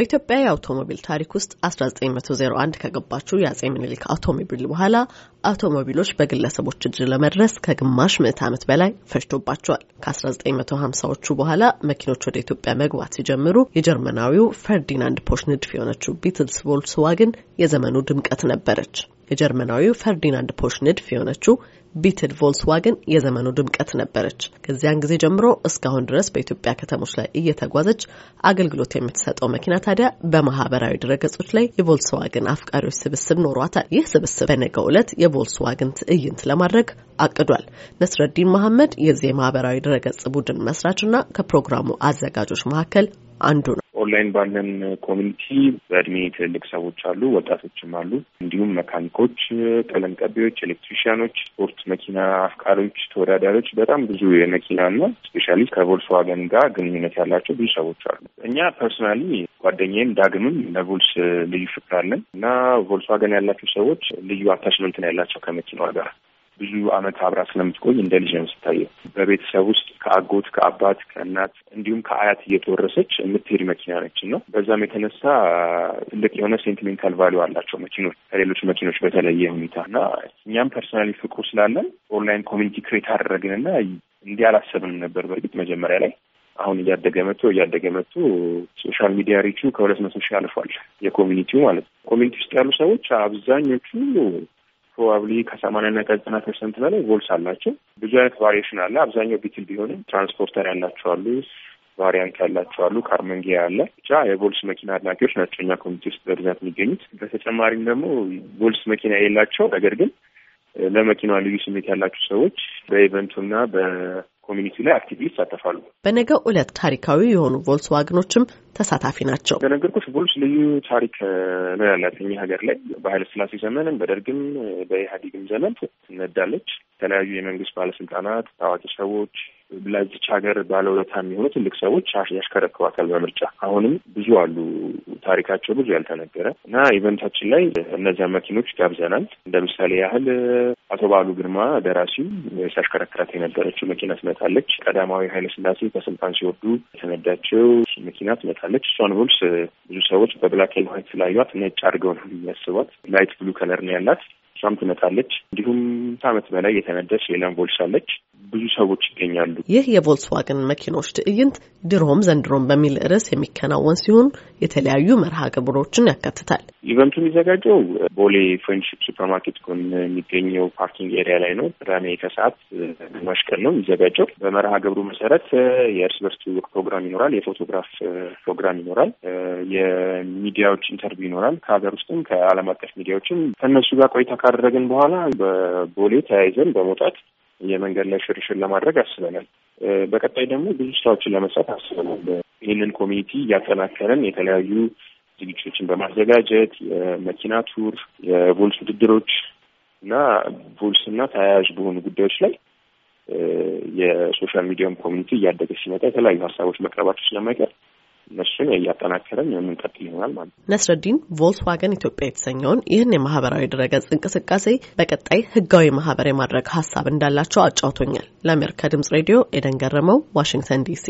በኢትዮጵያ የአውቶሞቢል ታሪክ ውስጥ 1901 ከገባችው የአጼ ምኒልክ አውቶሞቢል በኋላ አውቶሞቢሎች በግለሰቦች እጅ ለመድረስ ከግማሽ ምዕት ዓመት በላይ ፈጅቶባቸዋል። ከ1950ዎቹ በኋላ መኪኖች ወደ ኢትዮጵያ መግባት ሲጀምሩ የጀርመናዊው ፈርዲናንድ ፖሽ ንድፍ የሆነችው ቢትልስ ቮልክስዋግን የዘመኑ ድምቀት ነበረች። የጀርመናዊው ፈርዲናንድ ፖሽ ንድፍ የሆነችው ቢትል ቮልስዋግን የዘመኑ ድምቀት ነበረች። ከዚያን ጊዜ ጀምሮ እስካሁን ድረስ በኢትዮጵያ ከተሞች ላይ እየተጓዘች አገልግሎት የምትሰጠው መኪና ታዲያ በማህበራዊ ድረገጾች ላይ የቮልስዋግን አፍቃሪዎች ስብስብ ኖሯታል። ይህ ስብስብ በነገው ዕለት የቮልስዋገን ትዕይንት ለማድረግ አቅዷል። ነስረዲን መሐመድ የዚህ የማህበራዊ ድረገጽ ቡድን መስራችና ከፕሮግራሙ አዘጋጆች መካከል አንዱ ነው። ኦንላይን ባለን ኮሚኒቲ በእድሜ ትልልቅ ሰዎች አሉ፣ ወጣቶችም አሉ። እንዲሁም መካኒኮች፣ ቀለም ቀቢዎች፣ ኤሌክትሪሽያኖች፣ ስፖርት መኪና አፍቃሪዎች፣ ተወዳዳሪዎች በጣም ብዙ የመኪናና ስፔሻሊ ከቮልስዋገን ጋር ግንኙነት ያላቸው ብዙ ሰዎች አሉ። እኛ ፐርሶናሊ ጓደኛዬም ዳግምም ለቮልስ ልዩ ፍቅር አለን እና ቮልስዋገን ያላቸው ሰዎች ልዩ አታችመንት ነው ያላቸው ከመኪናዋ ጋር ብዙ አመት አብራ ስለምትቆይ እንደ ልጅ ነው ስታየው። በቤተሰብ ውስጥ ከአጎት ከአባት ከእናት እንዲሁም ከአያት እየተወረሰች የምትሄድ መኪና ነች ነው። በዛም የተነሳ ትልቅ የሆነ ሴንቲሜንታል ቫሊዩ አላቸው መኪኖች ከሌሎች መኪኖች በተለየ ሁኔታ እና እኛም ፐርሶናሊ ፍቅሩ ስላለን ኦንላይን ኮሚኒቲ ክሬት አደረግንና እንዲህ አላሰብንም ነበር በእርግጥ መጀመሪያ ላይ አሁን እያደገ መጥቶ እያደገ መጥቶ ሶሻል ሚዲያ ሪቹ ከሁለት መቶ ሺህ አልፏል። የኮሚኒቲው ማለት ነው። ኮሚኒቲ ውስጥ ያሉ ሰዎች አብዛኞቹ ፕሮባብሊ ከሰማንያ እና ከዘጠና ፐርሰንት በላይ ጎልስ አላቸው። ብዙ አይነት ቫሪዬሽን አለ። አብዛኛው ቢትል ቢሆንም ትራንስፖርተር ያላቸው አሉ፣ ቫሪያንት ያላቸው አሉ፣ ካርመንጊያ ያለ ብቻ የቦልስ መኪና አድናቂዎች ናቸው እኛ ኮሚቴ ውስጥ በብዛት የሚገኙት። በተጨማሪም ደግሞ ቦልስ መኪና የሌላቸው ነገር ግን ለመኪናዋ ልዩ ስሜት ያላቸው ሰዎች በኢቨንቱና ኮሚኒቲ ላይ አክቲቭ ይሳተፋሉ። በነገ ዕለት ታሪካዊ የሆኑ ቮልስዋግኖችም ተሳታፊ ናቸው። እንደነገርኩሽ ቮልስ ልዩ ታሪክ ነው ያላት እኚህ ሀገር ላይ በኃይለ ሥላሴ ዘመንም በደርግም በኢህአዴግም ዘመን ትነዳለች። የተለያዩ የመንግስት ባለስልጣናት፣ ታዋቂ ሰዎች ለዚች ሀገር ባለውለታ የሚሆኑ ትልቅ ሰዎች ያሽከረክሯታል በምርጫ። አሁንም ብዙ አሉ፣ ታሪካቸው ብዙ ያልተነገረ እና ኢቨንታችን ላይ እነዚያ መኪኖች ጋብዘናል። እንደ ምሳሌ ያህል አቶ በዓሉ ግርማ ደራሲው ሲያሽከረክራት የነበረችው መኪና ትመጣለች። ቀዳማዊ ኃይለሥላሴ ከስልጣን ሲወርዱ የተነዳቸው መኪና ትመጣለች። እሷን ሮልስ ብዙ ሰዎች በብላክ ኤንድ ዋይት ስላዩት ነጭ አድርገው ነው የሚያስቧት። ላይት ብሉ ከለር ነው ያላት። እሷም ትመጣለች። እንዲሁም ከዓመት በላይ የተነደች ሌላም ቮልስ አለች። ብዙ ሰዎች ይገኛሉ። ይህ የቮልስዋገን መኪኖች ትዕይንት ድሮም ዘንድሮም በሚል ርዕስ የሚከናወን ሲሆን የተለያዩ መርሃ ግብሮችን ያካትታል። ኢቨንቱ የሚዘጋጀው ቦሌ ፍሬንድሺፕ ሱፐርማርኬት ጎን የሚገኘው ፓርኪንግ ኤሪያ ላይ ነው። ቅዳሜ ከሰዓት ግማሽ ቀን ነው የሚዘጋጀው። በመርሃ ግብሩ መሰረት የእርስ በርስ ትውውቅ ፕሮግራም ይኖራል። የፎቶግራፍ ፕሮግራም ይኖራል። የሚዲያዎች ኢንተርቪው ይኖራል። ከሀገር ውስጥም ከዓለም አቀፍ ሚዲያዎችም ከእነሱ ጋር ቆይታ ካደረግን በኋላ በቦሌ ተያይዘን በመውጣት የመንገድ ላይ ሽርሽር ለማድረግ አስበናል። በቀጣይ ደግሞ ብዙ ስራዎችን ለመስራት አስበናል። ይህንን ኮሚኒቲ እያጠናከረን የተለያዩ ዝግጅቶችን በማዘጋጀት የመኪና ቱር፣ የቮልስ ውድድሮች እና ቮልስ እና ተያያዥ በሆኑ ጉዳዮች ላይ የሶሻል ሚዲያም ኮሚኒቲ እያደገ ሲመጣ የተለያዩ ሀሳቦች መቅረባቸው ስለማይቀር እሱን እያጠናከረን የምንቀጥል ይሆናል ማለት ነው። ነስረዲን ቮልስዋገን ኢትዮጵያ የተሰኘውን ይህን የማህበራዊ ድረገጽ እንቅስቃሴ በቀጣይ ህጋዊ ማህበር የማድረግ ሀሳብ እንዳላቸው አጫውቶኛል። ለአሜሪካ ድምጽ ሬዲዮ ኤደን ገረመው፣ ዋሽንግተን ዲሲ